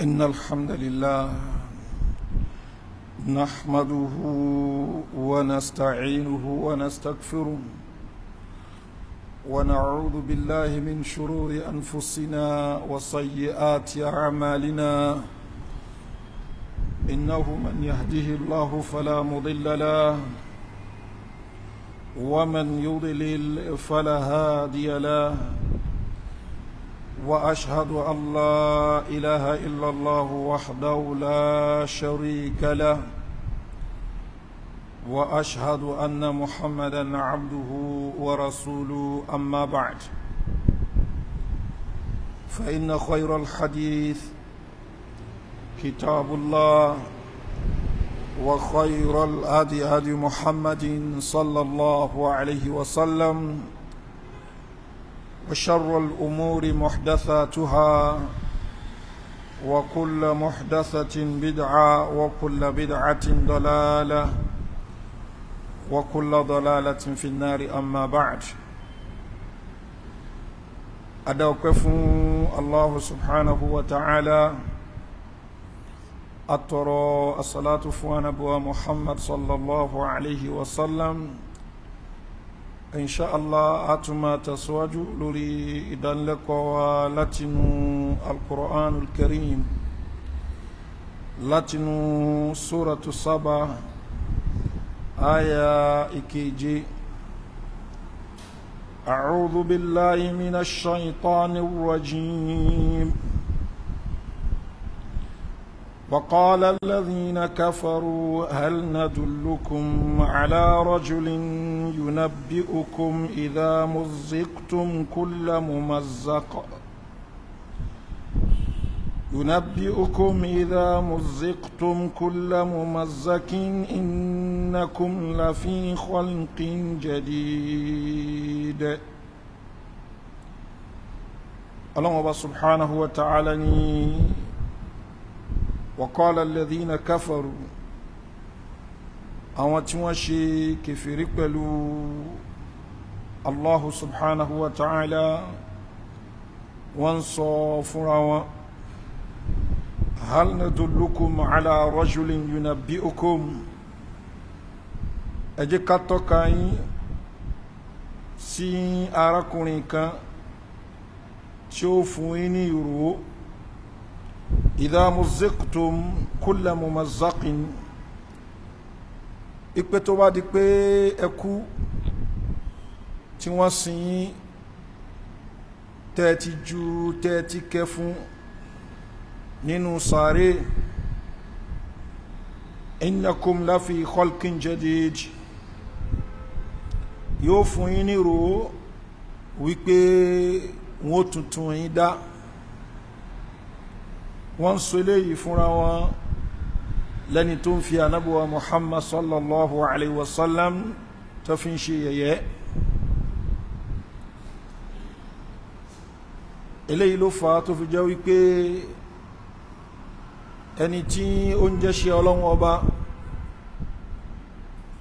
إن الحمد لله نحمده ونستعينه ونستغفره ونعوذ بالله من شرور أنفسنا وسيئات أعمالنا إنه من يهده الله فلا مضل له ومن يضلل فلا هادي له واشهد ان لا اله الا الله وحده لا شريك له واشهد ان محمدا عبده ورسوله اما بعد فان خير الحديث كتاب الله وخير الهدي هدي محمد صلى الله عليه وسلم وشر الأمور محدثاتها وكل محدثة بدعة وكل بدعة ضلالة وكل ضلالة في النار أما بعد أدوكف الله سبحانه وتعالى أترى الصلاة فوان أبو محمد صلى الله عليه وسلم inshallah atuma tasuwaju lórí ìdánilẹ́kọ̀ọ́ wa látinú alquran alkarim látinú suratu saba aya ìkeje a'udhu billahi minash shaitani rrajim. وقال الذين كفروا هل ندلكم على رجل ينبئكم إذا مزقتم كل ممزق ينبئكم إذا مزقتم كل ممزق إنكم لفي خلق جديد الله سبحانه وتعالى وقال الذين كفروا àwọn tí wọ́n ṣe kèfèrí pẹ̀lú allahu subhanahu wa ta'ala wọ́n sọ fúnra wọn hal nadullukum ala rajulin yunabbi'ukum ẹ jẹ́ ká tọ́ka yín sí arákùnrin kan tí ó fún yín ní ìròó ìdá muziktum kulla mumazakin ipe tó bá di pé ẹ kú tí wọ́n sin yín tẹ́ẹ̀tì ju tẹ́ẹ̀tì kẹ nínú sàárè innakum láfi khalqin jadid yóò fún yín nírò wípé wọ́n tuntun yín dá wọ́n sọ eléyìí fúnra wọn lẹ́ni tó ń fi anábọ̀wá muhammad sallallahu alayhi wa sallam tó fi ń ṣe yẹ̀yẹ́ eléyìí ló fà á tó fi jẹ́ wípé ẹni tí ó ń jẹ́ ṣe ọlọ́run ọba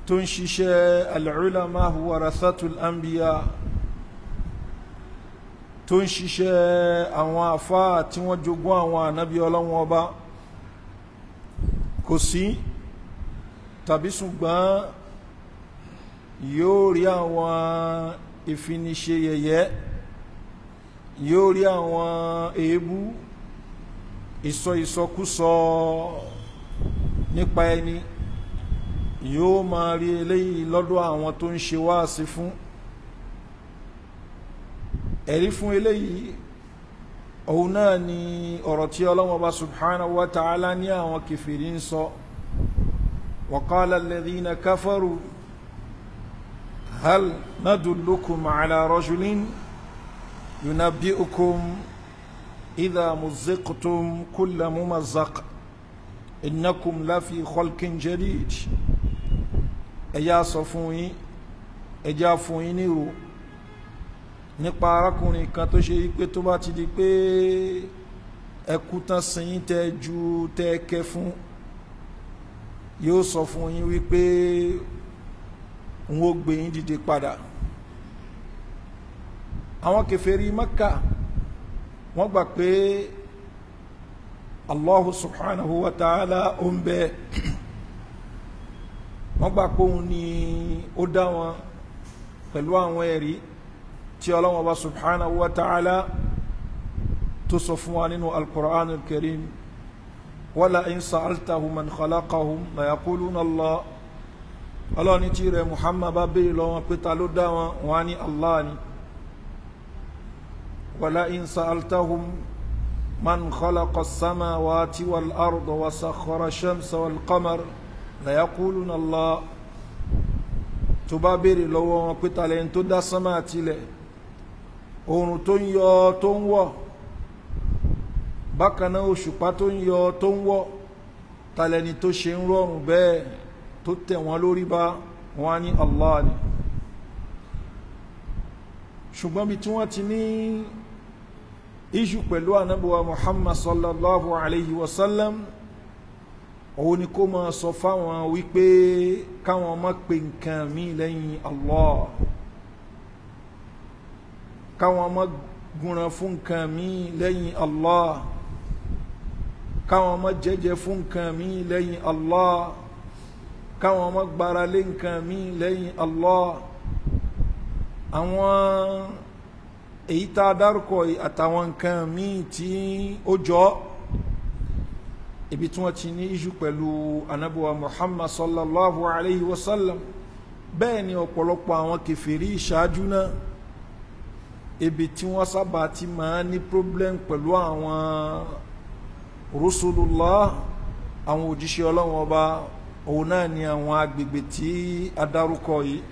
tó ń ṣiṣẹ́ al-ulama huwa rathatul anbiya tó ń ṣiṣẹ́ àwọn àfáà tí wọ́n jogún àwọn ànábí ọlọ́wọ́n ọba kò sí tàbí ṣùgbọ́n yóò rí àwọn ìfiniṣe yẹ̀yẹ́ yóò rí àwọn èébú ìsọ ìsọkúsọ nípa ẹni yóò máa rí eléyìí lọ́dọ̀ àwọn tó ń ṣe wáàsí fún ẹ̀rí fún eléyìí òun náà ni ọ̀rọ̀ tí ọlọ́wọ́ bá subhanahu wa ta'ala ní àwọn kìfìrí ń sọ wa qala alladhina kafaru hal nadullukum ala rajulin yunabbi'ukum idha muzziqtum kulla mumazzaq innakum lafi khalqin jadid ẹ̀yà sọ fún yín ẹ̀já fún yín nírò nípa arákùnrin kan tó ṣe pé tó bá ti di pé ẹkú tán sìn tẹ ju tẹ kẹ fún yóò sọ fún yín wípé n ó gbé yín dìde padà àwọn kèfèrí Mẹ́kà wọ́n gbà pé allahu subhanahu wa ta'ala ó ń bẹ wọ́n gbà pé òun ni ó dá wọn pẹ̀lú àwọn ẹ̀rí tí ọlọ́wọ́n bá subhanahu wa ta'ala tó sọ fún wa nínú alkùránù karim wala in sa'altahum man khalaqahum la yaquluna Allah ọlọ́ni tí rẹ̀ muhammad bá béèrè lọ́wọ́n pé ta ló dá wọn wọn ní allah ni wala in sa'altahum man khalaqa as-samawati wal arda wa sakhkhara ash-shamsa wal qamar la yaquluna Allah tó bá béèrè lọ́wọ́ wọn pé ta lẹ́yìn tó dá sánmà àtilẹ̀ oòrùn tó ń yọ tó ń wọ̀ bákan náà òṣùpá tó ń yọ tó ń wọ̀ talẹni tó ṣe ń rọrùn bẹ́ẹ̀ tó tẹ̀ wọ́n lórí bá wọn ní Allah ni ṣùgbọ́n bí tí wọ́n ti ní iṣu pẹ̀lú anábọ̀wá Muhammad sallallahu alayhi wa sallam òun ni kó máa sọ fáwọn wípé káwọn má pe nǹkan míì lẹ́yìn Allah káwọn ọmọ gúnran fún nǹkan míì lẹ́yìn Allah káwọn ọmọ jẹjẹ fún nǹkan míì lẹ́yìn Allah káwọn ọmọ gbára lé nǹkan míì lẹ́yìn Allah àwọn èyí tá a dárúkọ àtàwọn nǹkan míì tí ó jọ ibi tí wọ́n ti ní iṣu pẹ̀lú anabuwa Muhammad sallallahu alayhi wa sallam bẹ́ẹ̀ ni àwọn kẹfìrí ìṣáájú náà ibi tí wọ́n sábà ti máa ní problem pẹ̀lú àwọn rusulullah àwọn òjíṣẹ́ ọlọ́run ọba òun náà ni àwọn agbègbè tí a dárúkọ yìí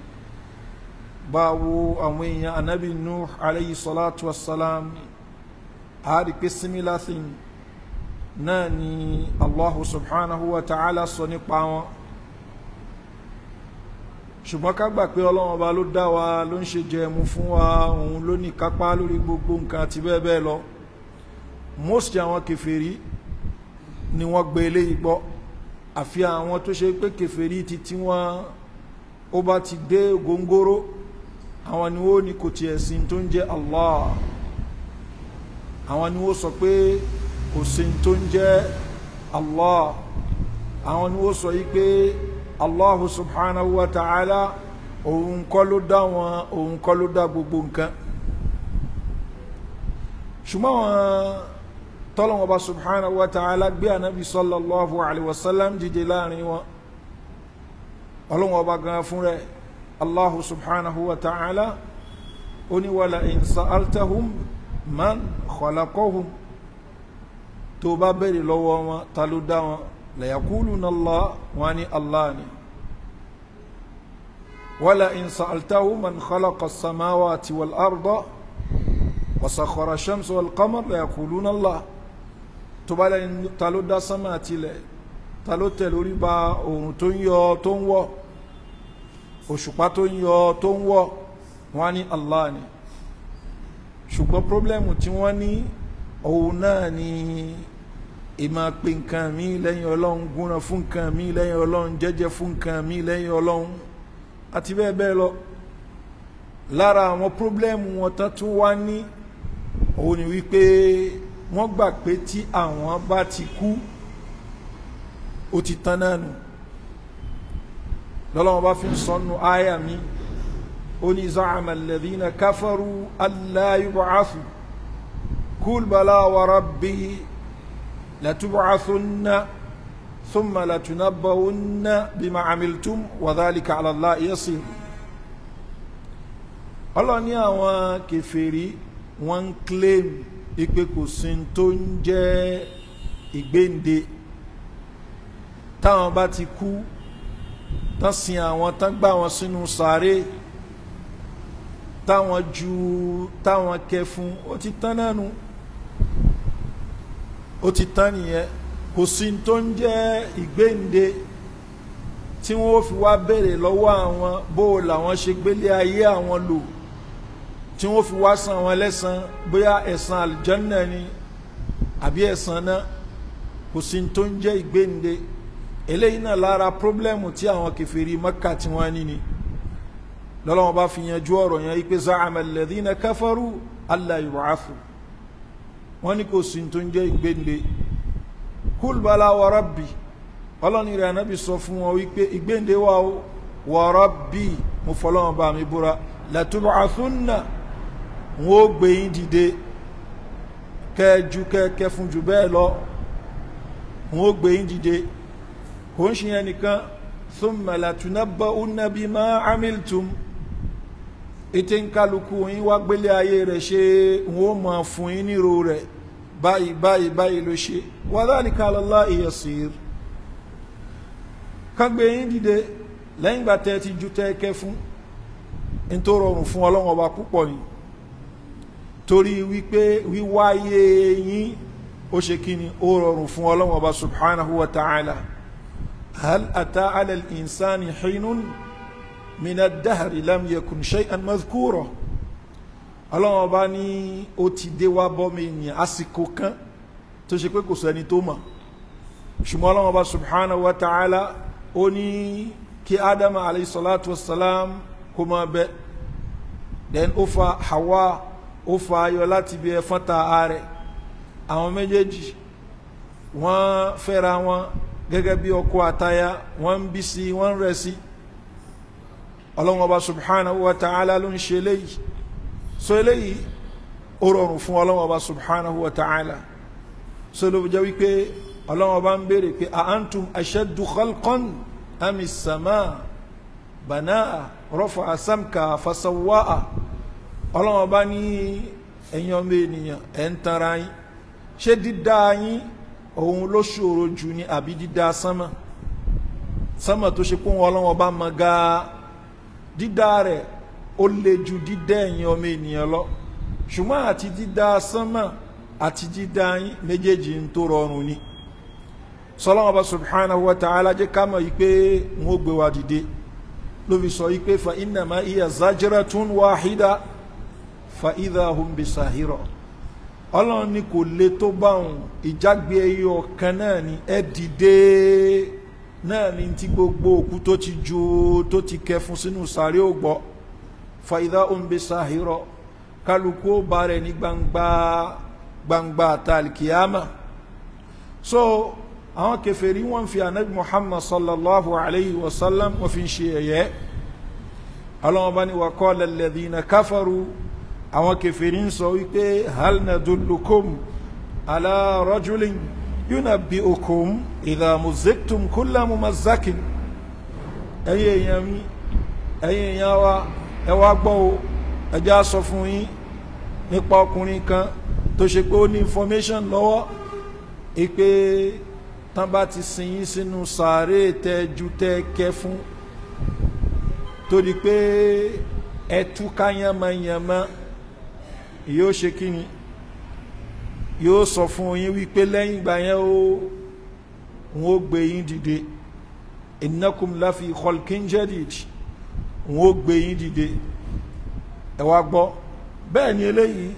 báwo àwọn èèyàn anabi nuh alayhi salatu wassalam a rí pé similar thing náà ni allahu subhanahu wa ta'ala sọ nípa wọn ṣùgbọ́n ká gbà pé ọlọ́run ọba ló dá wa ló ń ṣe jẹ mu fún wa òun ló ní kápá lórí gbogbo nǹkan àti bẹ́ẹ̀ bẹ́ẹ̀ lọ most àwọn kèfèrí ni wọ́n gbé eléyìí gbọ́ àfi àwọn tó ṣe pé kèfèrí ti tí wọ́n ó bá ti dé góńgóró àwọn ni ó ní kò tiẹ̀ sin tó ń jẹ́ Allah àwọn ni ó sọ pé kò sin tó ń jẹ́ Allah àwọn ni ó sọ yìí pé allah subhanahu wa ta'ala òun kọ́ ló dá wọn òun kọ́ ló dá gbogbo nǹkan ṣùgbọ́n wọn tọ́lọ́wọ́n bá subhanahu wa ta'ala gbé anabi sallallahu alayhi wa sallam dìde láàrin wọn ọlọ́wọ́n bá gan fún rẹ̀ allah subhanahu wa ta'ala ó ní wàlà man khalaqahum tó bá béèrè lọ́wọ́ wọn ta ló dá wọn layakuluna Allah wọn ni Allah ni wala in sa'altahu man khalaqa as-samawati wal arda wa sakhara ash-shamsa wal qamara layakuluna Allah tó bá lẹ́ni ta ló dá sánmà àti ilẹ̀ ta ló tẹ̀ lórí ba oòrùn tó ń yọ tó ń wọ̀ òṣùpá tó ń yọ Allah ni ṣùgbọ́n pírọ́blẹ́mù tí wọ́n ní òun náà ni ìmọ̀ pé nǹkan mi lẹ́yìn ọlọ́run gúnran fún nǹkan mi lẹ́yìn ọlọ́run jẹ́jẹ́ fún nǹkan mi lẹ́yìn ọlọ́run àti bẹ́ẹ̀ bẹ́ẹ̀ lọ lára àwọn pírọ́blẹ́mù wọn tán tún wá ní òun ni wípé wọ́n gbà pé tí àwọn bá ti kú ó ti tán náà nù lọ́lọ́wọ́n bá fi ń sọnù àyà mi ó ní za'ama alladhina kafaru alla yub'athu kul bala لتبعثن ثم لتنبؤن بما عملتم وذلك على الله يصير. ọlọ́run ní àwọn kẹfẹ́rí wọ́n ń claim ipe kò sí tó ń jẹ́ ìgbéǹde táwọn bá ti kú tán sin àwọn tán gbà wọn sínú sàárè táwọn ju táwọn kẹfun ó ti tán náà nù ó ti tán nìyẹn kò sí tó ń jẹ́ ìgbéǹde tí wọ́n fi wá béèrè lọ́wọ́ àwọn bó o làwọn ṣe gbélé ayé àwọn lò tí wọ́n fi wá san àwọn ẹlẹ́san bóyá ẹ̀san àlùjànnà ni àbí ẹ̀san náà kò sí tó ń jẹ́ ìgbéǹde eléyìí náà lára pírọ́blẹ́mù tí àwọn kèfèrí Mẹ́kà tí wọ́n ní ni lọ́lọ́wọ́n bá fi yanjú ọ̀rọ̀ yẹn ipe zaama alladhina kafaru alla yub'athu wọ́n ní kò sí tó ń jẹ́ ìgbéǹde kúlbàlá wa rabbi ọlọ́ni rẹ̀ ànábì sọ fún wọn wípé ìgbéǹde wà ó wa rabbi mo fọlọ́wọn bá mi búra latub'athunna wọn ó gbé dìde kẹjú kẹkẹ fún jù bẹ́ẹ̀ lọ wọn ó gbé dìde kò ń ṣe yẹn nìkan thumma latunabba'unna bima amiltum ètè ń kálukú yín wá gbélé ayé rẹ̀ ṣe n ó mọ̀ fún yín nírò rẹ̀ báyìí báyìí báyìí ló ṣe wa dhalika ala Allahi yasir kágbé yín dìde lẹ́yìn ìgbà tẹ́ ti ju tẹ́ẹ̀kẹ́ fún n tó rọrùn fún ọlọ́run ọba púpọ̀ ni torí wípé wíwáyé yín ó ṣe kí ni ó rọrùn fún ọlọ́run ọba subhanahu wa ta'ala hal ata ala insani hinun. من الدهر لم يكن yakun shay'an madhkura ọlọ́run ọba ní ó ti dé wá bọ́ mi ní àsìkò kan tó ṣe pé kò sọ ẹni tó mọ̀ ṣùgbọ́n ọlọ́run ọba subhanahu wa ta'ala ó ní kí ádámà alayhi salatu wa salam kó máa bẹ then ó fa hawa ó fa ayọ̀ láti bí ẹfọ́n ta ààrẹ àwọn méjèèjì wọ́n fẹ́ra wọn gẹ́gẹ́ bí ọkọ àtaya wọ́n ń bí sí wọ́n ń rẹ̀ Si ọlọ́run ọba subhanahu wa ta'ala ló ń ṣe eléyìí so eléyìí ó rọrùn fún ọlọ́run ọba subhanahu wa ta'ala so ló jẹ́ wípé ọlọ́run ọba ń béèrè pé a antum ashaddu khalqan am as-sama banaa rafa'a samka fasawwa'a ọlọ́run ọba ní ẹ̀yin ọmọ ènìyàn ẹ̀ ń tanra yín ṣé dídá yín òun ló ṣòro jù ní àbí dídá sánmà sánmà tó ṣe pé wọn ọlọ́run ọba mọ̀ gáà dídá rẹ̀ ó le ju dídá ẹ̀yin ọmọ ènìyàn lọ ṣùgbọ́n àti dídá sánmà àti dídá yín méjèèjì ń tó rọrùn ni sọlọ́wọ́n bá subhanahu wa ta'ala jẹ́ ká mọ̀ yìí pé wọ́n ó gbé wa dìde ló fi sọ yìí pé fa innama iya zajratun wahida fa idha hum bisahira ọlọ́run ni kò le tó báwọn ìjágbe ẹyọ kan náà ni ẹ dìde náà ni ti gbogbo òkú tó ti ju tó ti kẹfun sínú sàárè ò gbọ́ fàyídá òǹbẹ sàhírọ kálukú ó bá rẹ ní gbangba gbangba tàlkìyàmà so àwọn kèfèrí wọ́n fi anabi muhammad sallallahu alayhi wa sallam wọ́n fi ń ṣe ẹ̀yẹ ọlọ́wọ́n bá ní wa qala alladhina kafaru àwọn kèfèrí ń sọ wípé hal nadullukum ala rajulin yunabbi'ukum idha muziktum kulla mumazzakin ẹ̀yin èèyàn mi ẹ̀yin èèyàn wa ẹ wá gbọ́ o ẹ jẹ́ á sọ fún yín nípa ọkùnrin kan tó ṣe pé ó ní information lọ́wọ́ ìpè tán bá ti sin yín sínú sàárè tẹ ju tẹ kẹ fún torí pé ẹ túká yánmọ́yánmọ́ yóò ṣe kí ni yóò sọ fún yín wípé lẹ́yìn ìgbà yẹn ó wọn ó gbé yín dìde innakum lafi khalqin jadid wọn ó gbé yín dìde ẹ wá gbọ́ bẹ́ẹ̀ ni eléyìí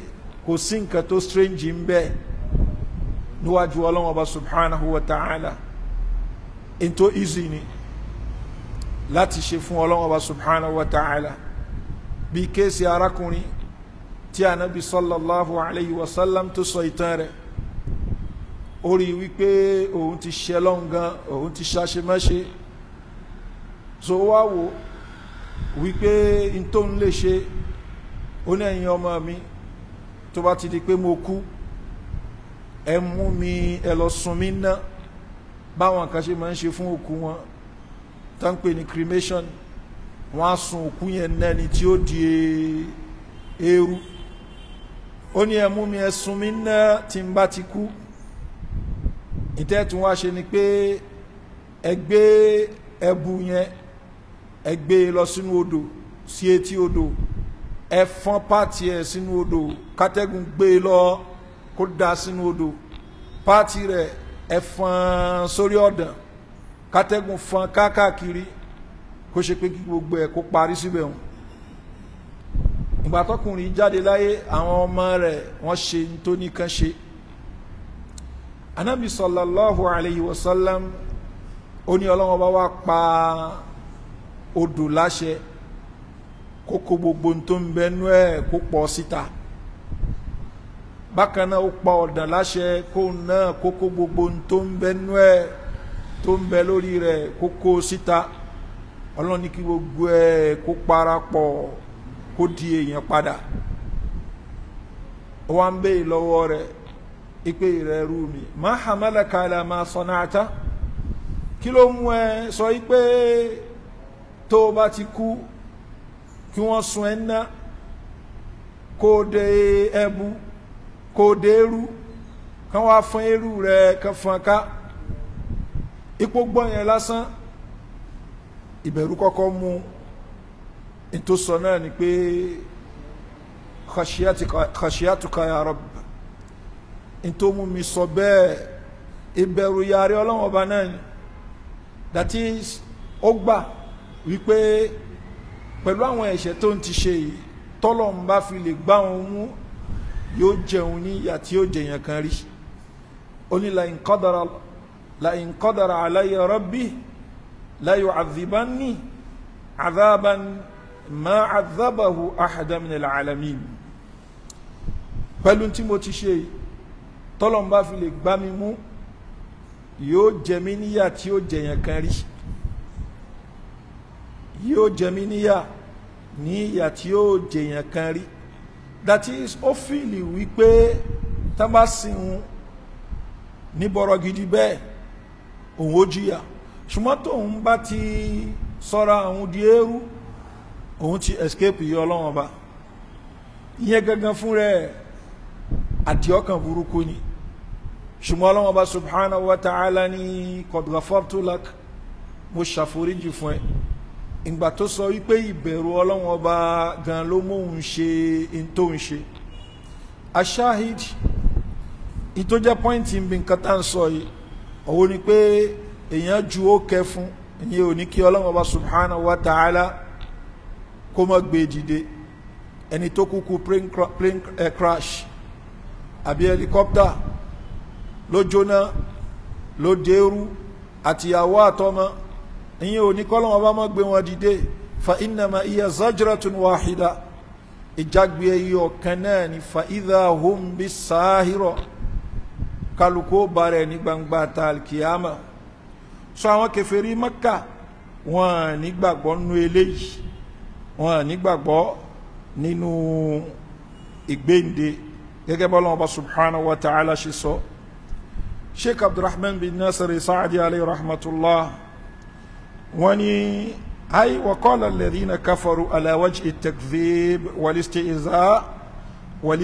kò sí nǹkan tó strange ń bẹ́ẹ̀ níwájú ọlọ́wọ́n ọba subhanahu wa ta'ala ètò easy ni láti ṣe fún ọlọ́wọ́n ọba subhanahu wa ta'ala bí kéèsì arákùnrin tí anabi sallallahu alayhi wa sallam tó sọ ìtàn rẹ̀ ó rí wípé òun ti ṣe lọ́ngàn òun ti ṣàṣemáṣe so wá wò wípé n tó ń lè ṣe ó ní ẹ̀yin ọmọ mi tó bá ti di pé mo kú ẹ mú mi ẹ lọ sun mí ná báwọn kan ṣe máa ń ṣe fún òkú wọn tó ń pè ní cremation wọn á sun òkú yẹn náà ni tí ó di eérú ó ní ẹmú mi ẹsùn mi ná tí n bá ti kú ìtẹ́tùn wá ṣe ni pé ẹgbẹ́ ẹbu yẹn ẹgbẹ́ e lọ sínú odò sí etí odò ẹ fọ́n pààtì ẹ̀ sínú odò kátẹ́gùn gbé e lọ kó da sínú odò pààtì rẹ̀ ẹ fọ́n sórí ọ̀dàn kátẹ́gùn fọ́n káàkiri kó ṣe pé kí gbogbo ẹ̀ kó parí síbẹ̀ hàn ìgbà tọkùnrin jáde láyé àwọn ọmọ rẹ̀ wọ́n ṣe tó ṣe anabi sallallahu alayhi wa sallam ó ní ọlọ́wọ́n bá wá pa odò láṣẹ kókó gbogbo tó ń bẹnu ẹ̀ kó pọ̀ síta bákan náà ó pa ọ̀dàn láṣẹ kó náà kókó gbogbo tó ń bẹnu ẹ̀ tó ń bẹ lórí rẹ̀ kókó síta ọlọ́run kí gbogbo ẹ̀ kó parapọ̀ kó di èèyàn padà wà ń bẹ́ẹ̀ lọ́wọ́ rẹ̀ ipe rẹ̀ rú mi má hamalaka ala ma sanata kí ló mú ẹ sọ pé tó o bá ti kú kí wọ́n sun ẹ ná kó o dé ẹbu kó o dé eru kán wá fún eru rẹ̀ kan fún ká ipò gbọ́n yẹn lásán ìbẹ̀rù kọ́kọ́ mú un tó sọ náà ni pé khashiyatuka ya rab tó mú mi sọ bẹ́ẹ̀ ìbẹ̀rù yàrá ọlọ́wọ́n ọba náà ni that is ó gbà wípé pẹ̀lú àwọn ẹ̀ṣẹ̀ tó ń ti ṣe yìí tọ́lọ̀ ń bá fi lè gbá wọn mú yóò jẹun ní ìyà tí yóò jẹyàn kan rí ó ní la in qadara la in qadara alayya rabbi la ما عذبه ahada من alalamin pẹ̀lú tí mo ti ṣe tọ́lọ́n bá fi lè gbá mi mú yóò jẹ mí níyà tí ó jẹyàn tí ó jẹyàn kan rí that is ó fìlì wípé tá bá sìn ní bọ̀rọ̀ gidi bẹ́ẹ̀ òun ó jìyà ṣùgbọ́n tóun bá ti sọra àwọn di eérú òun ti escape yìí ọlọ́run ọba ìyẹn gangan fún rẹ̀ àdìọ́kàn burúkú ni ṣùgbọ́n ọba subhanahu wa ni qad ghafartu lak mo ṣàforíjì fún ẹ ìgbà tó sọ wípé ìbẹ̀rù ọlọ́run ọba gan ló ṣe in ń ṣe ashahid ìtọ́jà pọ́ìntì nǹkan tá ń sọ yìí òun ni pé kó mọ́ gbé dìde ẹni tó kúkú plane eh, crash àbí helicopter ló jóná ló dérú àtìyàwó àtọmọ ìyẹn ò ní kọ́lọ́wọ́ bá mọ́ gbé wọn dìde fa innama iya zajratun wahida ìjágbe ẹyẹ ọ̀kan náà ni fa idha hum bis sahira kálukú bá rẹ̀ ní gbangba ta alkiyama sọ àwọn kèfèrí Mẹ́kà wọn nígbàgbọ́ nú eléyìí wọn nígbàgbọ́ nínú ìgbéǹde gẹ́gẹ́ bọ́lá ọba subhanahu wa ta'ala ṣe sọ sheikh abdulrahman bin nasir saadi alayhi rahmatullah wọ́n ní ay wa qala alladhina kafaru ala wajhi at-takdhib wal isti'za wal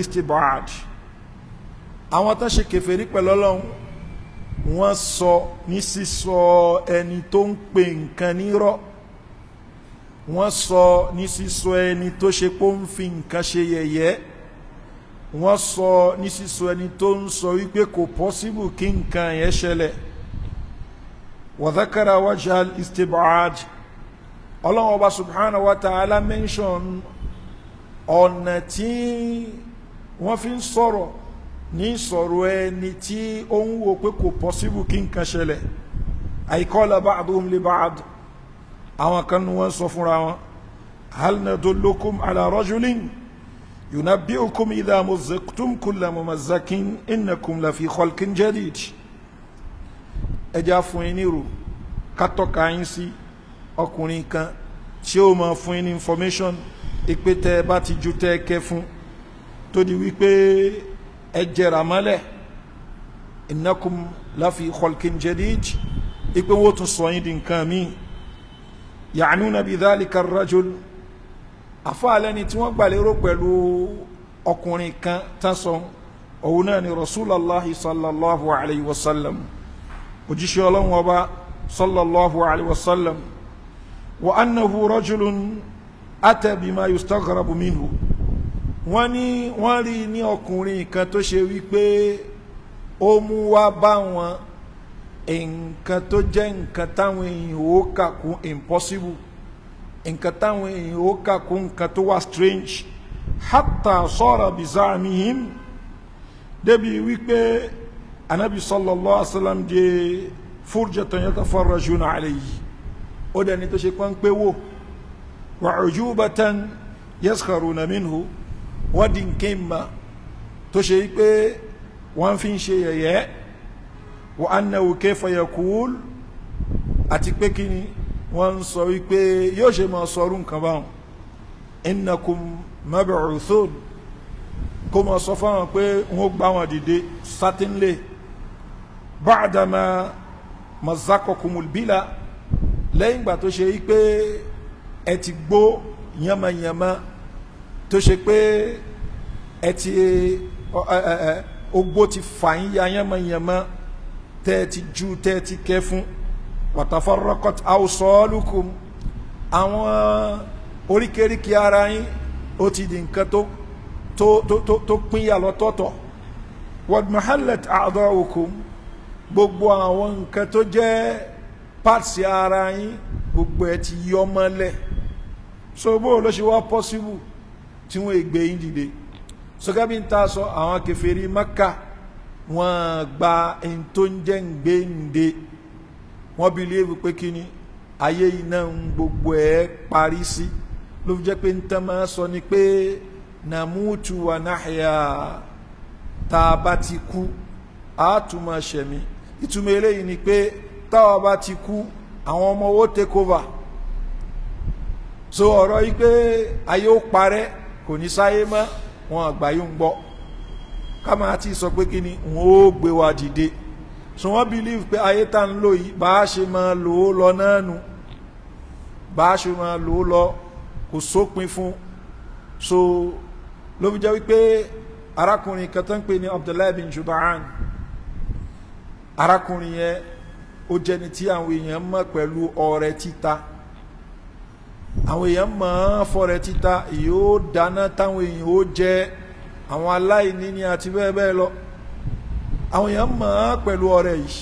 àwọn tó ṣe kèfèrí pẹ̀lú Ọlọ́run sọ ní sísọ ẹni tó ń pè nǹkan nírọ́ wọ́n sọ ní sísọ ẹni tó ṣe pé ó ń fi nǹkan ṣe yẹ̀yẹ́ wọ́n sọ ní sísọ ẹni tó ń sọ wípé kò pọ́síbù kí nǹkan yẹn ṣẹlẹ̀ wàdákàrà wájà istibad ọlọ́run ọba subhanahu wa ta'ala mention ọ̀nà tí wọ́n fi ń sọ̀rọ̀ ní sọ̀rọ̀ ẹni tí ó ń wo pé kò pọ́síbù kí nǹkan ṣẹlẹ̀ àìkọ́lá ba'duhum li ba'd àwọn kan ní wọ́n sọ fúnra wọn hal nadullukum ala rajulin yunabbi'ukum idha muzzaqtum kulla mumazzakin innakum lafi khalqin jadid ẹja fún yín nírò kátọ́ka yín sí ọkùnrin kan tí ó máa fún yín ní information ìpè tẹ ẹ bá ti ju tẹ ẹ kẹ fún tó di wípé ẹ jẹrà mọ́lẹ̀ innakum lafi khalqin jadid ìpè wọ́n tún sọ yín di nǹkan míì ya'nuna bidhalika ar-rajul àfáàlẹ́ni tí wọ́n gbàlérò pẹ̀lú ọkùnrin kan tán sọ òun náà ni rasulallah sallallahu alayhi wa sallam òjíṣẹ́ ọlọ́run ọba sallallahu alayhi wa sallam wa annahu rajulun ata bima yustaghrabu minhu wọ́n ní wọ́n rí ní ọkùnrin kan tó ṣe wípé ó mú wá bá wọn nǹkan tó jẹ́ nǹkan táwọn èèyàn ó kà kún impossible nǹkan táwọn èèyàn ó kà kún nǹkan tó wà strange hatta sọ́ra bizamihim débi wípé anabi sallallahu alaihi wasallam de furjatan yatafarrajuna alayhi ó dẹni tó ṣe pọ́n pé wò wa ujubatan yaskharuna minhu wọ́n di nkéèmà tó ṣe pé wọ́n fi ń ṣe yẹ̀yẹ́ wa annahu kayfa yaqul àti pé kí ni wọ́n ń sọ wípé yóò ṣe máa sọrú nǹkan báwọn innakum mab'uthun kó máa sọ fáwọn pé wọ́n gbá wọn dìde sátínlé ba'dama mazakokumul bila lẹ́yìn ìgbà tó ṣe wípé ẹ ti gbó yamayama tó ṣe pé ẹ ti ogbó ti fà ya yamayama tẹ́ẹ̀tì ju tẹ́ẹ̀tì kẹ́ fún wàtàfọ́rọ́kọ́t àwòsọ́ọ́lùkùn àwọn oríkèríkè ara yín ó ti di nǹkan tó tó tó tó pínyà lọ́tọ̀ọ̀tọ̀ wàdùmọ̀hálẹ̀t àdọ́wòkùn gbogbo àwọn nǹkan tó jẹ́ pàtì ara yín gbogbo ẹ̀ ti yọ mọ́lẹ̀ so bó ló ṣe wá pọ́síbù tí wọ́n ègbè yín dìde sọ́gábí ń ta sọ àwọn kèfèrí Mákà. So, wọ́n gba ẹni tó ń jẹ́ gbéǹde wọ́n bìlíìfù pé kí ni ayé iná ń gbogbo ẹ̀ parí sí ló fi jẹ́ pé ń tán máa sọ ni pé nàmútu wà náhìá tá a bá ti kú a tún máa ṣẹ̀mí ìtumọ̀ eléyìí ni pé táwa bá ti kú àwọn ọmọ owó take over so ọ̀rọ̀ yìí pé ayé ó parẹ́ kò ní sáyé mọ́ wọn àgbáyé ń gbọ́ ká máa ti sọ pé kí ni wọn ó gbé wa dìde so wọ́n believe pé ayé tá ń lò yìí bá a ṣe máa lò ó lọ náà nu bá a ṣe máa lò ó lọ kò sópin fún so ló fi jẹ́ wípé arákùnrin kan tó ń pè ní Abdullahi bin Jubaan arákùnrin yẹn ó jẹni tí àwọn èèyàn mọ̀ pẹ̀lú ọrẹ títa àwọn èèyàn mọ̀ fọrẹ títa yóò dáná táwọn èèyàn ó jẹ́ àwọn aláìní ni àti bẹ́ẹ̀ bẹ́ẹ̀ lọ àwọn èèyàn mọ̀ ọ́n pẹ̀lú ọ̀rẹ́ yìí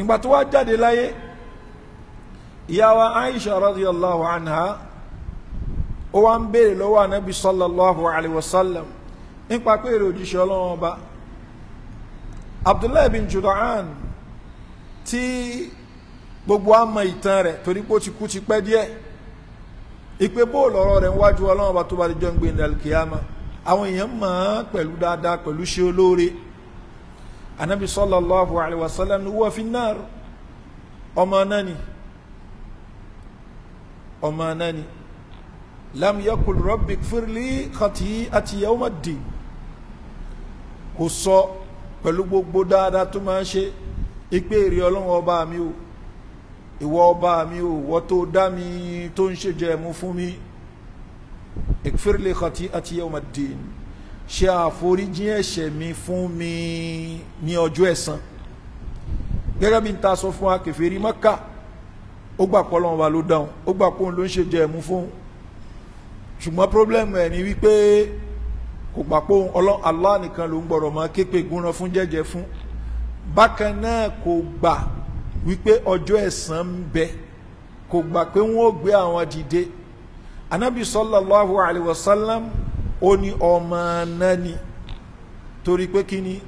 ìgbà tó wá jáde láyé ìyá wa Aisha radiyallahu anha ó wá ń béèrè lọ́wọ́ anabi sallallahu alayhi wa sallam nípa pé èrè òjíṣẹ́ ọlọ́run ọba Abdullahi bin Juda'an tí gbogbo a mọ ìtàn rẹ̀ torí pé ó ti kú ti pẹ́ díẹ̀ ìpè bóòlù ọ̀rọ̀ rẹ̀ ń wájú ọlọ́run ọba tó bá di jọ́ ń gbé ní alikiyama àwọn èèyàn mọ̀ ọ́n pẹ̀lú dáadáa pẹ̀lú ṣe olóore anabi sallallahu alayhi wa sallam ni wọ́n fi náà ọmọ náà ni ọmọ náà ni lam yakul rabbi firli khati'ati yawma ddin kò sọ pẹ̀lú gbogbo dáadáa tó máa ń ṣe ìpè èrè ọlọ́run ọba mi o ìwọ ọba mi o wọ́n tó dá mi tó ń ṣèjẹ́ mu fún mi ìfẹ́rẹ́lẹ̀ kọtí àti yawmaddin ṣe àforíjì ẹ̀ṣẹ̀ mi fún mi ní ọjọ́ ẹ̀san gẹ́gẹ́ bí n ta sọ fún akèfèrí Mákà ó gbà pé Ọlọ́run wa ló dáhùn ó gbà pé òun ló ń ṣe jẹ ẹ̀mú fún ṣùgbọ́n pírọ́blẹ́mù ẹ̀ ni wípé kò gbà pé Ọlọ́run Allah nìkan ló ń gbọ́dọ̀ máa képe gúnran fún jẹ́jẹ́ fún bákan náà kò gbà wípé ọjọ́ ẹ̀san ń bẹ kò gbà pé wọ́n ó gbé àwọn dìde anabi sallallahu alayhi wa sallam ó ní ọmọ náà ni torí pé kí ni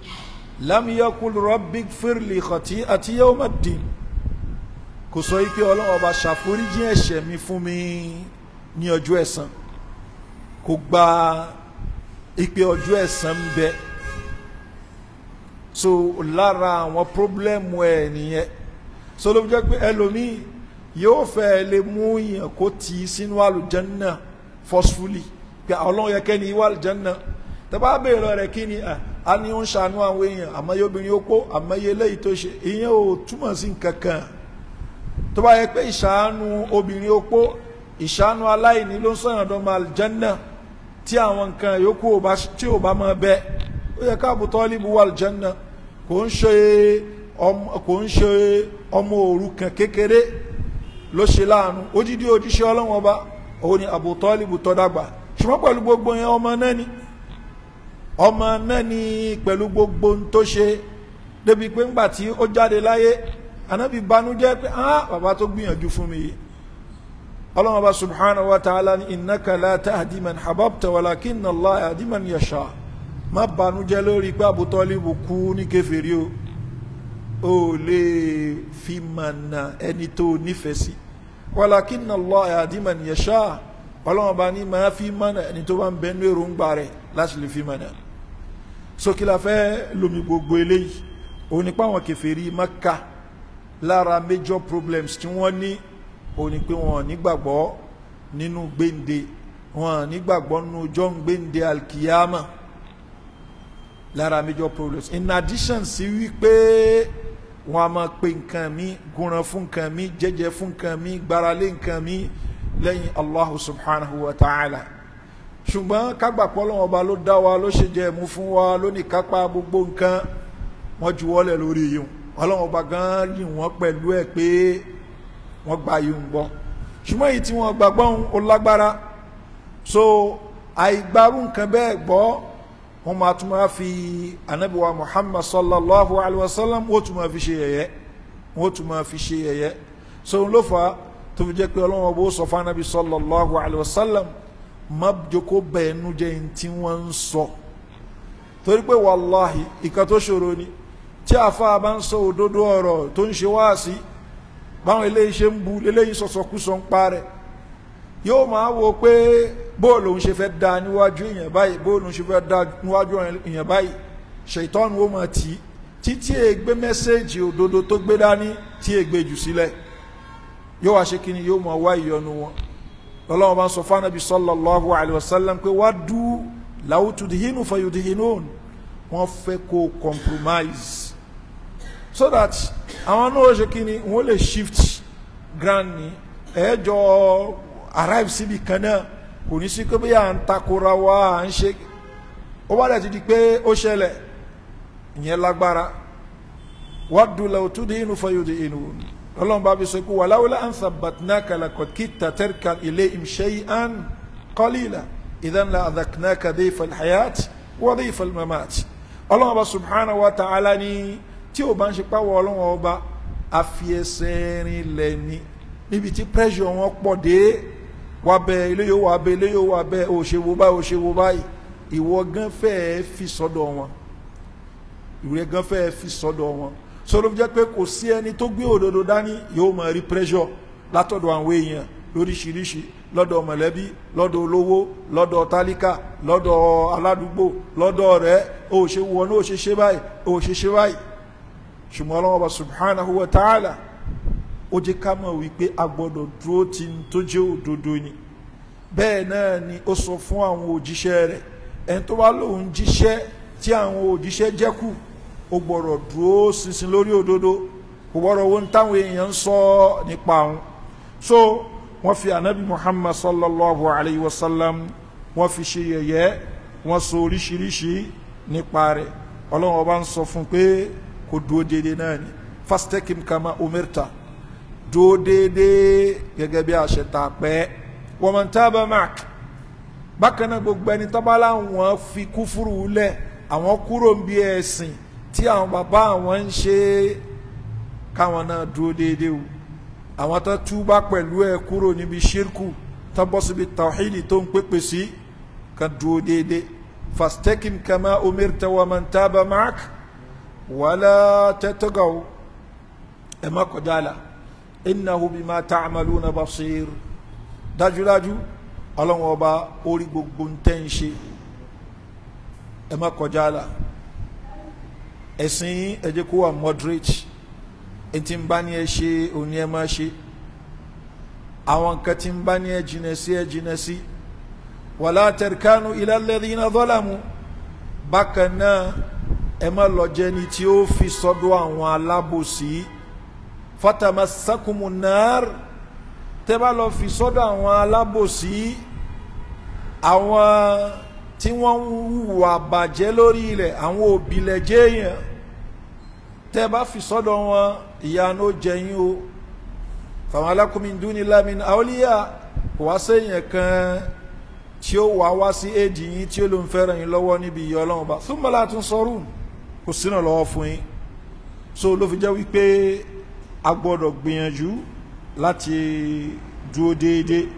lam yakul rabbi firli khati'ati yawma ddin kò sọ yìí pé ọlọ́run ọba ṣàforíjì ẹ̀ṣẹ̀ mi fún mi ní ọjọ́ ẹ̀san kò gba ìpè ọjọ́ ẹ̀san bẹ so lára àwọn pírọ́blẹ́mù ẹ̀ nìyẹn so jẹ́ pé ẹlòmíì yóò fẹ́ lè mú yàn kó ti sínú àlùjànnà forcefully pé ọlọ́run yẹ kẹ́ni ìwà àlùjànnà tẹ́bá béèrè rẹ̀ kí ni ah, a ní ń ṣàánú àwọn èèyàn àmọ́yé obìnrin ó kó àmọ́yé eléyìí tó ṣe ìyẹn ò túmọ̀ sí nǹkan kan tó bá yẹ pé ìṣàánú obìnrin ó kó ìṣàánú aláìní ló ń sọ̀yàn dọ́mọ àlùjànnà tí àwọn nǹkan yòókù tí ò bá máa bẹ ó yẹ káàbù tọ́líbù wà àlùjànnà kò ń ṣe ọmọ òrukàn kékeré ló ṣe láàánú odidi ojúṣe ọlọ́run ọba òun ni Abu Talib tó dàgbà ṣùgbọ́n pẹ̀lú gbogbo yẹn ọmọ náà ni ọmọ náà ni pẹ̀lú gbogbo ohun tó ṣe débi pé ńgbà tí ó jáde láyé ànábì banújẹ́ pé ah bàbá tó gbìyànjú fún mi yìí ọlọ́run ọba subhanahu wa ta'ala ni innaka la tahdi man hababta walakinna Allah yahdi man yasha má banújẹ́ lórí pé Abu kú ní kèfèrí o o lè fi mànà ẹni tó nífẹ̀ẹ́ sí walakinna Allah yahdi man yasha ọlọ́wọ́n bá ní máa fi mànà ẹni tó bá ń bẹnu èròǹgbà rẹ̀ láti lè fi mànà sókìlà lomi gbogbo eléyìí òun ni páwọn kèfèrí Mákà lára major problems tí wọ́n ní òun ni pé wọ́n nígbàgbọ́ nínú gbéǹde wọ́n nígbàgbọ́ nínú ọjọ́ gbéǹde alkiyama lára major problems in addition sí wípé. Si wọn a máa pe nǹkan mi gúnran fún nǹkan mi jẹjẹ fún nǹkan mi gbáralé nǹkan mi lẹ́yìn allahu subhanahu wa ta'ala ṣùgbọ́n kágbà pọ́lọ́wọ́n ọba ló dá wa ló ṣe jẹ ẹ̀mú fún wa ló ní kápá gbogbo nǹkan wọ́n ju wọ́lẹ̀ lórí yìí ọlọ́wọ́n ọba gan lì wọ́n pẹ̀lú ẹ̀ pé wọ́n gba yìí ń gbọ́ ṣùgbọ́n èyí tí wọ́n gbàgbọ́ ń so àìgbárù nǹkan bẹ́ẹ̀ gbọ́ wọ́n máa tún máa fi anabiwa muhammad sallallahu alayhi wa sallam wọ́n tún máa fi ṣe yẹ̀yẹ́ wọ́n tún máa fi ṣe yẹ̀yẹ́ so n ló fa tó fi jẹ́ pé ọlọ́wọ́n bó sọ fún anabi sallallahu alayhi wa sallam má joko bẹ́ẹ̀nu jẹ́ n tí wọ́n ń sọ torí pé wàláhi ìka tó ni tí àáfàá bá ń sọ òdodo ọ̀rọ̀ tó ń ṣe wáàsí báwọn eléyìí ṣe ń bu eléyìí sọ̀sọ̀kú sọ ń parẹ́ yóò máa wo pé bóòlù òun ṣe fẹ́ da níwájú èèyàn báyìí bóòlù òun ṣe fẹ́ da níwájú èèyàn báyìí ṣètọ́nù ó mọ̀ tí títí ègbé mẹ́sẹ̀gì òdodo tó gbé dání tí ègbé jù sílẹ̀ yóò wá ṣe kí ni yóò mọ̀ wá ìyọnu wọn lọ́lọ́wọ́n bá ń sọ fánàbí sallallahu alayhi wa pé wá dú làwùtùdìhínú fayùdìhínún wọ́n fẹ́ kó compromise so that àwọn náà ṣe kí ni wọ́n lè shift grand ni ẹ̀ẹ́jọ́ arrive síbi kan náà kò ní sí pé bí à ń takora wa à ń ṣe ó bá dẹ̀ ti di pé ó ṣẹlẹ̀ ìyẹn lágbára waddu law tudhinu fayudhinun ọlọ́run bá fi sọ pé walawla an thabbatnaka laqad kitta tarkan ilayhim shay'an qalila idhan la adhaqnaka dhayfa al-hayat wa dhayfa al ọlọ́run bá subhanahu wa ta'ala ni tí o bá ń ṣe páwọ́ ọlọ́run ọba àfiẹsẹ̀ lẹ́ni níbi tí pressure wọn pọ̀ dé wà bẹ ilé yóò wà bẹ ilé yóò wà bẹ ò ṣe wo báyìí ò ṣe wo báyìí ìwọ gan fẹ́ẹ́ fi sọ́dọ̀ wọn ìwúrẹ́ gan fẹ́ẹ́ fi sọ́dọ̀ wọn sọ́dọ̀ fi jẹ́ pé kò sí ẹni tó gbé òdodo dání yóò máa rí pressure látọ̀dọ̀ àwọn èèyàn lóríṣiríṣi lọ́dọ̀ mọ̀lẹ́bí lọ́dọ̀ olówó lọ́dọ̀ tálíkà lọ́dọ̀ aládùúgbò lọ́dọ̀ rẹ̀ ó ṣe wọnú ó báyìí ó báyìí ṣùgbọ́n ọlọ́wọ́ subhanahu wa ta'ala ó jẹ́ ká mọ̀ wípé a gbọ́dọ̀ dúró ti ń tó jẹ́ òdodo ni bẹ́ẹ̀ náà ni ó sọ fún àwọn òjíṣẹ́ rẹ̀ ẹni tó bá lòun jíṣẹ́ tí àwọn òjíṣẹ́ jẹ́kù ó gbọ́dọ̀ dúró ṣinṣin lórí òdodo kò gbọ́dọ̀ wo táwọn èèyàn ń sọ nípa àwọn so wọ́n fi anabi muhammad sallallahu alayhi wa sallam wọ́n fi ṣe yẹ̀yẹ́ wọ́n sọ oríṣiríṣi nípa rẹ̀ ọlọ́run ọba ń sọ fún pé kò dúró déédéé náà ni fastekim kama umirta dúó déédéé gẹ́gẹ́ bí àṣẹ tá a pẹ́ wọ́n mọ̀ tábà mark bákan náà gbogbo ẹni tọ́ba láwọn fi kúfúrú lẹ̀ àwọn kúrò ń bí ẹ̀sìn tí àwọn bàbá àwọn ń ṣe káwọn náà dúó déédéé o àwọn tó túbá pẹ̀lú ẹ̀ kúrò níbi ṣírkù tó bọ́ síbi tàwíìlì tó ń pépè sí ká dúó déédéé fastekin kama umirta wa man tábà mark wàlá tẹ́tọ́gà ẹ̀ má kọjá la innahu bima ta'maluna basir dájúdájú ọlọ́run ọba orí gbogbo ń tẹ́ ń ṣe ẹ má kọjá àlà ẹ̀sìn ẹ jẹ́ kó wà moderate etí ń bá ní ẹ ṣe òní ẹ má ṣe àwọn nǹkan tí ń bá ní ẹ jìnà wala tarkanu ila alladhina zalamu bákan náà ẹ má lọ ni tí ó fi sọ́dọ̀ àwọn alábòsí fatamassakumu nar tẹ́ bá lọ fi sọ́dọ̀ àwọn alábòsí àwọn tí wọ́n ń hùwà bàjẹ́ lórí ilẹ̀ àwọn òbílẹ̀ jẹ́yàn tẹ́ bá fi sọ́dọ̀ wọn ìyanu jẹyìn o famalakum min dunillahi min awliya kò wá sẹ́yìn kan tí ó wà wá sí èdè yín tí ó ló ń fẹ́ràn yín lọ́wọ́ níbi ìyọ́ ọlọ́run bá thumma la tunsurun kò sínà lọ́wọ́ fún yín so ló fi jẹ́ wípé a gbọ́dọ̀ gbìyànjú láti dúró déédéé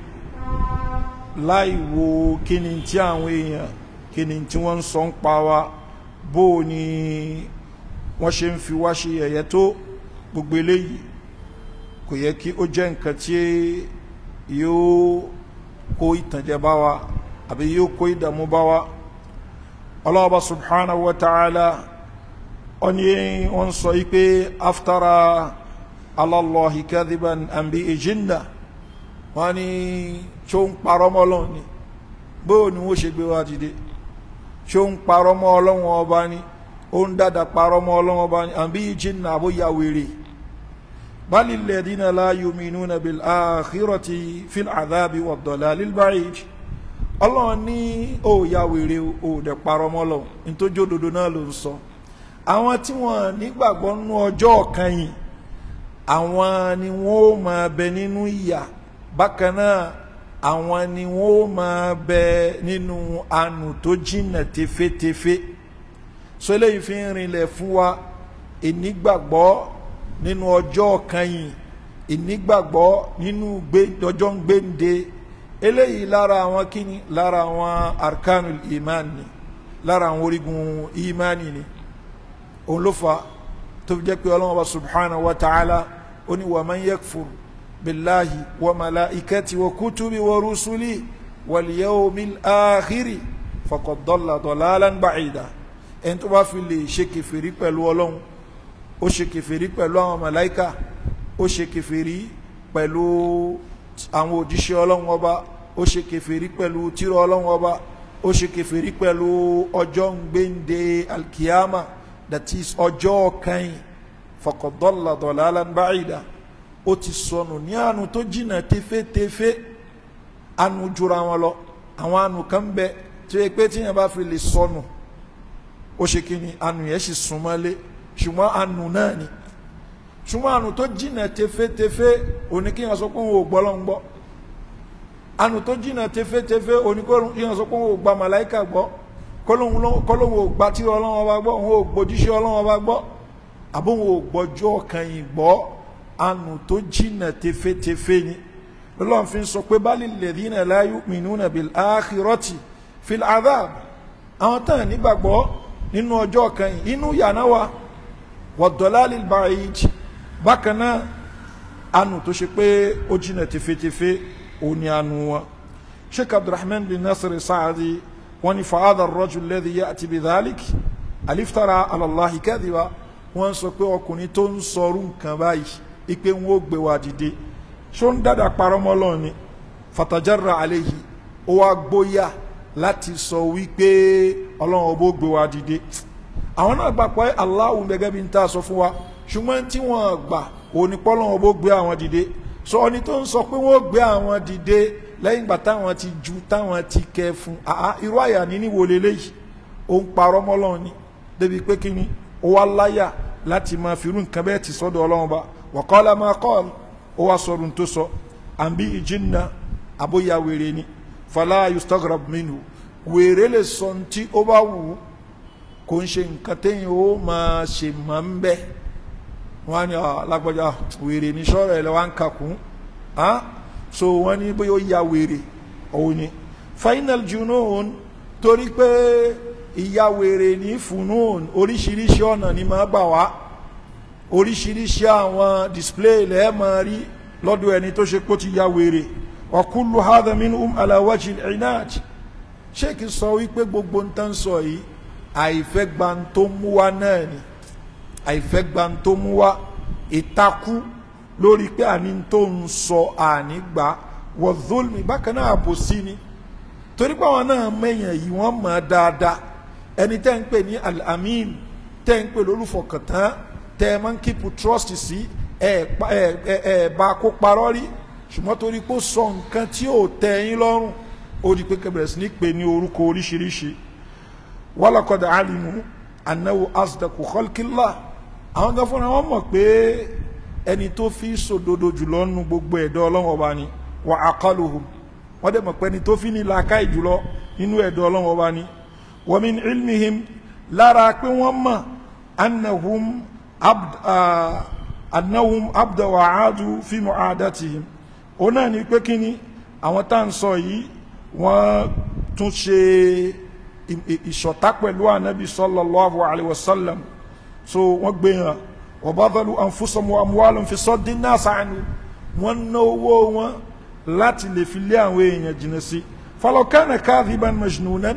láì wo kí ni tí àwọn èèyàn kí ni tí wọ́n ń sọ ń pa wa bó o ni wọ́n ṣe ń fi wá ṣe yẹ̀yẹ́ tó gbogbo eléyìí kò yẹ kí ó jẹ́ nǹkan tí yóò kó ìtànjẹ bá wa àbí yóò kó ìdààmú bá wa ọlọ́ọ̀bá subhanahu wa ta'ala ọ ní wọ́n sọ yí pé aftara alọ́lọ́hì kẹ́díbẹ̀n àmì ìjìnnà wọ́n ní tó ń parọ́ mọ́ ọlọ́run ni bóò ni wọ́n ṣe gbé wá dìde tó ń parọ́ mọ́ ọlọ́run ọba ni ó ń dàdà parọ́ mọ́ ọlọ́run ọba ni àmì ìjìnnà àbóyá wèrè bali lẹ́dínà láàyò mìíràn bil àkírọ̀tì fil àdábì wọ̀dọ̀lá lílbáyìí ọlọ́run ní òòyà wèrè òòdẹ̀ parọ́ mọ́ ọlọ́run ní tó jódodo náà ló ń sọ àwọn tí wọ́n nígbàgbọ́ nú ọjọ́ ọ̀kan yìí àwọn ni wọn ó máa bẹ nínú ìyà bákan náà àwọn ni wọn ó máa bẹ nínú àánú tó jìnnà tefetefe so eléyìí fi ń rinlẹ̀ fún wa ìnígbàgbọ́ nínú ọjọ́ kan yìí ìnígbàgbọ́ nínú ọjọ́ gbéǹde eléyìí lára àwọn kíni lára àwọn arkanul imani ni lára àwọn orígun imani ni òun ló fà tó fi jẹ́ pé ọlọ́run ọba subhanahu wa ta'ala ó ní wa man yakfur billahi wa malaikati wa kutubi wa rusuli wal yawmil akhiri faqad dalla dalalan ba'ida ẹni tó bá fi lè ṣe kèfèrí pẹ̀lú ọlọ́run ó ṣe kèfèrí pẹ̀lú àwọn màláìka ó ṣe kèfèrí pẹ̀lú àwọn òjíṣẹ́ ọlọ́run ọba ó ṣe kèfèrí pẹ̀lú tírà ọlọ́run ọba ó ṣe kèfèrí pẹ̀lú ọjọ́ ń alkiyama that is ọjọ́ kan faqad dalla dalalan ba'ida ó ti sọnù ní àánú tó jìnnà tefetefe àánú jura wọn lọ àwọn àánú kan bẹ tó yẹ pé tíyẹn bá fi lè sọnù ó ṣe kí ni àánú yẹn sì súnmọ́lé ṣùgbọ́n àánú náà ni ṣùgbọ́n àánú tó jìnnà tefetefe oníkíyàn sọ pé òun ò gbọ́lọ́ ń gbọ́ àánú tó jìnnà tefetefe oníkíyàn sọ pé òun ò gba màláìkà gbọ́ kọ́lóhun ò gba tí ọlọ́wọ́n bá gbọ́ òun ò gbójúṣe ọlọ́wọ́n bá gbọ́ àbóhun ò gbọ́jú ọkàn yìí gbọ́ anù tó jìnà tefetefe ni lọ́lọ́run fi ń sọ pé bá lílẹ̀ dínà la yu'minuna bil akhirati fil adhab àwọn táwọn nígbàgbọ́ nínú ọjọ́ kan yìí inú yàrá wa wad-dalal al-ba'id bákan náà anù tó ṣe pé ó jìnà tefetefe òun ni anù wọn Sheikh Abdulrahman bin Nasir Saadi wọ́n ní fàádà rọ́jù lẹ́dí yá àti bìdálík àlìftara alàláhi kẹ́dìwá wọ́n sọ pé ọkùnrin tó ń sọrú nǹkan báyìí ipe ń ó gbé wa dìde ṣó ń dàdà parọ́mọ́ ni fatajarra àlehi ó wá gbóyà láti sọ wípé ọlọ́run ọbọ̀ gbé wa dìde àwọn náà gbà pé Allahu gẹ́gẹ́ bí n ta sọ fún wa ṣùgbọ́n tí wọ́n gbà òní pọ́lọ́run ọbọ̀ gbé àwọn dìde sọ ọni tó ń sọ pé wọ́n gbé àwọn dìde lẹ́yìn ìgbà táwọn ti ju táwọn ti kẹ fún àá irú àyà níní wo leléyìí ó ń parọ́ mọ́ Ọlọ́run ni débi pé kí ni ó wá láyà láti máa fi irú nǹkan bẹ́ẹ̀ ti sọ́dọ̀ Ọlọ́run bá wa qala ma qala wá sọ̀rọ̀ tó sọ àbí ìjìnnà àbóyá wèrè ni fala yustagrab minhu wèrè lè sọ tí ó bá wù ú kò ń ṣe nǹkan téyìn ó máa ṣe máa ń bẹ́ẹ̀ wọ́n á ní alágbọ́jà wèrè ní sọ́ọ̀rọ̀ ẹ̀ lọ́wọ́ à ń kakùn án so wọ́n ní bóyá ó ya wèrè òun ni final junoon torí pé ìyá wèrè ní funoon oríṣiríṣi ọ̀nà ni máa gbà wá oríṣiríṣi àwọn display lẹ́ẹ̀ máa rí lọ́dọ̀ ẹni tó ṣe kó ti ya wèrè ọ̀kúlù hadamin um alawaji inaj sheik sọ wípé gbogbo ń tán sọ yìí àìfẹ́ gba ń tó mú wa náà ni àìfẹ́ gba mú wa ìtakú. E lórí pé àní tó ń sọ àní gbà wọ zulmi bákan náà àbòsí ni torí pé àwọn náà mẹyàn yìí wọ́n mọ̀ dáadáa ẹni tẹ́ ń pè ní alamin tẹ́ ń pè lólùfọkàntán tẹ́ ẹ máa ń kíp trust sí ẹ ẹ bá kó parọ́ rí ṣùgbọ́n torí pé ó sọ nǹkan tí ò tẹ́ yín lọ́rùn ó di pé kẹbẹ̀rẹ̀ sí ní pè ní orúkọ oríṣiríṣi walakad alimu annahu asdaku khalqillah àwọn kan wọn mọ̀ pé ẹni tó fi sòdodo jùlọ nu gbogbo ẹ̀dọ́ ọlọ́run ọba ni wà aqaluhum wọ́n dẹ̀ mọ̀ pé ẹni tó fi ní làákàyè jùlọ nínú ẹ̀dọ́ ọlọ́run ọba ni wa min ilmihim lára pé wọ́n mọ̀ annahum abd annahum abda wa aadu fi mu'aadatihim ó náà ni pé kíni àwọn tá à ń sọ yìí wọ́n tún ṣe ìṣọ̀tá pẹ̀lú ànábì sallallahu alayhi wa sallam so wọ́n gbé hàn wabadhalu anfusahum wa amwalahum fi saddi an-nas anhu wọ́n ná owó wọn láti lè fi lé àwọn èèyàn jìnnà sí falaw kana kadhiban majnunan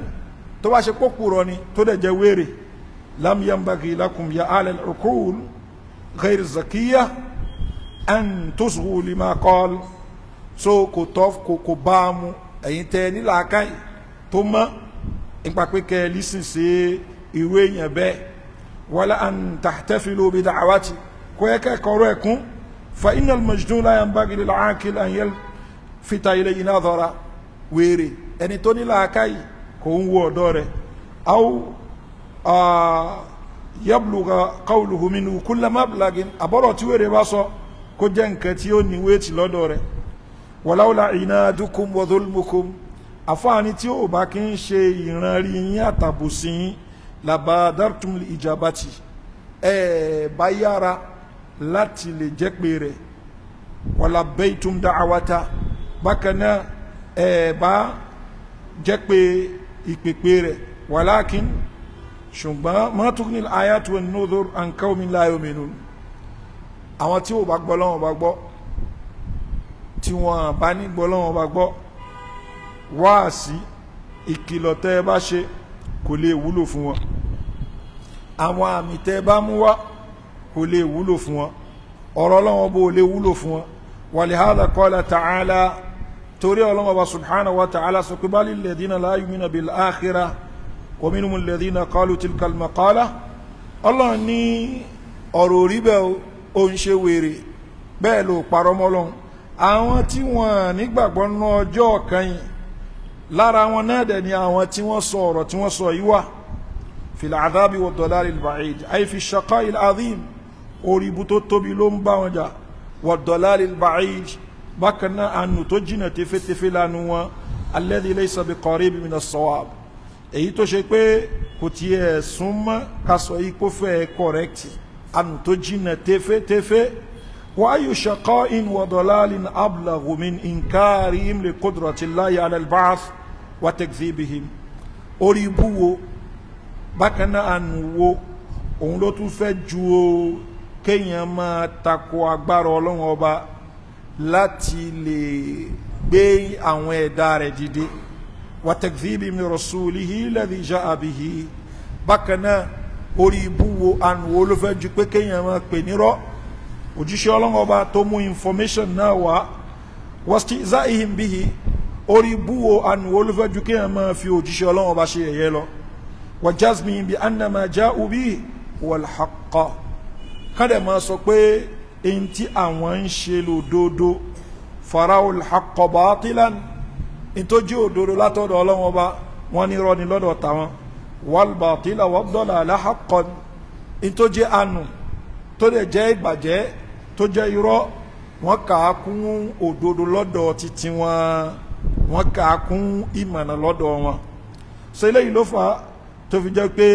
tó bá ṣe pọ́kùrọ̀ ni tó dẹ̀ jẹ́ wéèrè lam yanbaghi lakum ya ahlal uqul ghayr zakiyah an tusghu lima qala so kò tọ́ kò bá a mu ẹ̀yin tẹ́ nílàákàyè tó mọ́ nípa pé kẹ́ ẹ bẹ́ẹ̀ wala an tahtafilu bi da'awati kò yẹ kẹ́ kọrọ ẹ̀ kún fa innal majnun la yanbaghi lil aqil an yalfita ilayhi nadhara wèrè ẹni tó ní làákàyè kò ń wo ọ̀dọ́ rẹ̀ aw yabluga qawluhu minhu kulla mablagin àbọ̀rọ̀ tí wèrè bá sọ kó jẹ́ nǹkan tí ó ní wéètì lọ́dọ̀ rẹ̀ wa dhulmukum àfáàní tí ó bá kí ń ṣe ìran rí labadartum ijabati ẹ bá yára láti lè jẹ́ pé rẹ̀ wàlá bẹ́ẹ̀tum da'awata bákan náà ẹ bá jẹ́ pé ìpèpè rẹ̀ wàlákin ṣùgbọ́n mọ́tòkùnì ayatu wan nudhur an qawmin la yu'minun àwọn tí ò bá gbọ́ lọ́wọ́ bá gbọ́ tí wọ́n bá ní gbọ́ lọ́wọ́ bá gbọ́ wáàsí ìkìlọ̀ tẹ́ ẹ bá ṣe kò lè wúlò fún wọn àwọn àmì tẹ́ bá mú wá kò lè wúlò fún wọn ọ̀rọ̀ ọlọ́wọ́n bó lè wúlò fún wọn walihada qala ta'ala torí ọlọ́wọ́n bá subhanahu wa ta'ala sọ pé bali alladhina la yu'minuna bil akhirah wa minhum alladhina qalu tilka al-maqala ọlọ́run ní ọ̀rọ̀ orí bẹ́ẹ̀ ó ń ṣe wèrè bẹ́ẹ̀ ló parọ́ mọ́lọ́run àwọn tí wọ́n nígbàgbọ́ nú ọjọ́ kan yìí lára wọn náà dẹ̀ ni àwọn tí wọ́n sọ ọ̀rọ̀ tí wọ́n sọ yìí wà في العذاب والضلال البعيد أي في الشقاء العظيم أوريبوتو توبي لوم باونجا والضلال البعيد بكنا أن نتجنا تفت فلانوا الذي ليس بقريب من الصواب èyí tó ṣe pé kò tiẹ̀ súnmọ́ ká sọ yìí kó fẹ́ kọ̀rẹ́kìtì ànú tó jìnà tẹ́fẹ́tẹ́fẹ́ wáyù ṣàkọ́ in wọ̀dọ̀lálìn abúlàgùnmin nǹkaari imle kódùrọ̀tì láyé alẹ́lbáàf wàtẹ́kìtì ibìhìm orí ibúwo bákan náà àánú wo òun ló tún fẹ́ ju o kéèyàn máa tako agbára ọlọ́run ọba láti lè gbé àwọn ẹ̀dá rẹ̀ dìde wa takdhibi min rasulihi alladhi ja'a bihi bákan náà orí ibú wo àánú wo ló fẹ́ ju pé kéèyàn máa pè nírọ́ òjíṣẹ́ ọlọ́run ọba tó mú information náà wá wastihza'ihim bihi orí ibú wo àánú wo ló fẹ́ ju kéèyàn máa fi òjíṣẹ́ ọlọ́run ọba ṣe yẹ̀yẹ́ lọ wajazmihim bi anna ma ja'u bihi wal haqqa kádẹ̀ máa sọ pé èyí tí àwọn ń ṣe lòdodo farahul haqqa batilan ìtọ́jú òdodo látọ̀dọ̀ ọlọ́wọ́n bá wọn ní rọ́ni lọ́dọ̀ tàwọn wal batila wad dalala haqqan ìtọ́jú àánú tó lè jẹ́ ìbàjẹ́ tó jẹ́ irọ́ wọ́n kà á kún òdodo lọ́dọ̀ titi wọn wọ́n kà á kún ìmọ̀nà lọ́dọ̀ wọn ṣe eléyìí ló tó fi jẹ́ pé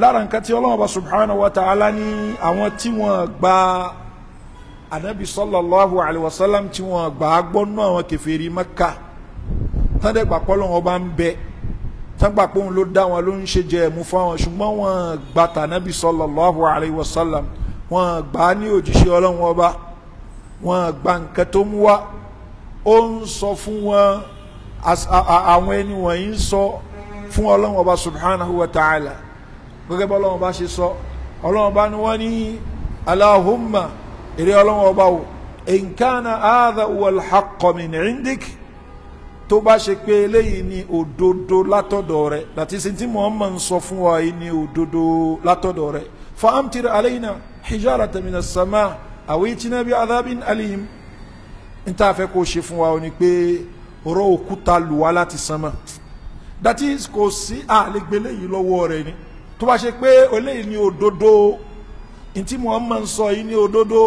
lára nǹkan tí ọlọ́run ọba subhanahu wa ta'ala ní àwọn tí wọ́n gba anabi sallallahu alayhi wa sallam tí wọ́n gbà á gbọ́ nú àwọn kèfèrí Mẹ́kà tán dẹ̀ gbà pé Ọlọ́run ọba ń bẹ tán gbà pé òun ló dá wọn ló ń ṣe jẹ ẹ̀mú fáwọn ṣùgbọ́n wọ́n gbà tànàbí sallallahu alayhi wa sallam wọ́n gbà á ní òjíṣẹ́ Ọlọ́run ọba wọ́n gbà nǹkan tó mú wá ó ń sọ fún wọn àwọn ẹni wọ̀nyí ń sọ fún ọlọ́run ọba subhanahu wa ta'ala gẹ́gẹ́ bá ọlọ́run ọba ṣe sọ ọlọ́run ọba ni wọ́n ní aláhùnmá èrè ọlọ́run ọba o nkánà ààdà wàlhàkọ̀mì ní indik tó bá ṣe pé eléyìí ni òdodo látọ̀dọ̀ rẹ̀ láti sin tí Muhammad ń sọ fún wa yìí ni òdodo látọ̀dọ̀ rẹ̀ fa amtir alayna hijaratan minas sama awitina bi adhabin alim n ta kó ṣe fún wa ó ní pé rọ òkúta lù láti sánmà that is kò sí àlegbè léyìí lọ́wọ́ rẹ̀ ni tó bá ṣe pé eléyìí ni òdodo ntí Muhammad sọ yìí ni òdodo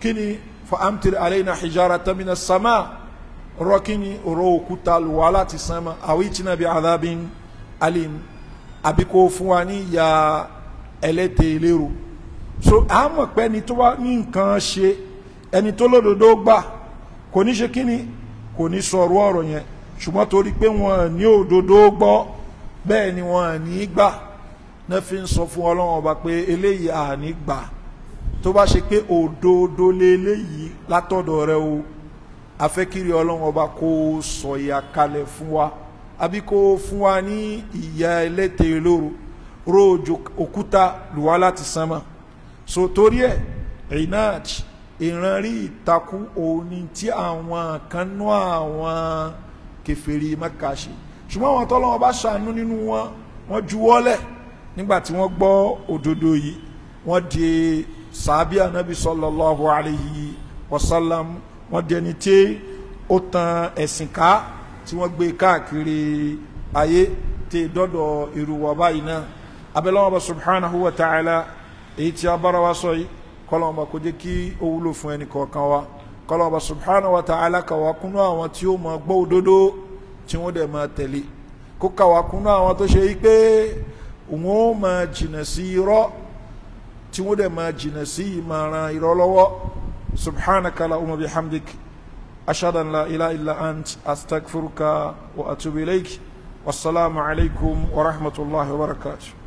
kí ni fa amtir alayna hijaratan mina sama rọ kí ni ọ̀rọ̀ òkúta lùwà láti sánmà àwọn ìtìnà bíi adhabin alim àbí kò fún wa ní ìyà ẹlẹ́tẹ̀ ìlérò so a mọ̀ pé ẹni tó wá ní nǹkan ṣe ẹni tó lódodo gbà kò ní ṣe kí kò ní sọ̀rọ̀ ọ̀rọ̀ yẹn ṣùgbọ́n torí pé wọ́n ní òdodo gbọ́ bẹ́ẹ̀ ni wọ́n ní gbà náà fi ń sọ fún ọlọ́run ọba pé eléyìí àní gbà tó bá ṣe pé òdodo lé eléyìí látọ̀dọ̀ rẹ o afẹ́kiri ọlọ́run ọba kó sọ̀yà kalẹ̀ fún wa àbí kó fún wa ní ìyà ẹlẹ́tẹ̀ lóru róòjò òkúta lùwá láti sánmà so torí ẹ̀ ìnáàj ìrànrí ìtakú òun tí àwọn kan nú àwọn kèfèrí Mákà ṣe ṣùgbọ́n àwọn tọ́lọ́wọ́n bá ṣàánú nínú wọn wọ́n juwọ́lẹ̀ nígbà tí wọ́n gbọ́ òdodo yìí wọ́n di sàábì ànábì sallallahu alayhi wa sallam wọ́n di ẹni tí ó tan ẹ̀sìn ká tí wọ́n gbé káàkiri ayé tí dọ́dọ̀ irú báyìí náà abẹ́lẹ́wọ̀n bá subhanahu wa ta'ala èyí tí a bára wa sọ yìí kọ́lọ́wọ́n bá kó jẹ́ kí ó wúlò fún ẹnì kọ̀ọ̀kan wa kọlọba subhanahu wa ta'ala kàwákúnú àwọn tí ó máa gbọ́ òdodo tí wọ́n dẹ̀ máa tẹ̀lé kó kàwákúnú àwọn tó ṣe yí pé wọ́n máa jìnà sí irọ́ tí wọ́n dẹ̀ máa jìnà sí ìmọ̀ràn irọ́ lọ́wọ́ subhanaka lahumma bihamdik ashhadu an la ilaha illa ant astaghfiruka wa atubu ilayk wasalaamu alaykum wa rahmatulahi wa barakatuh.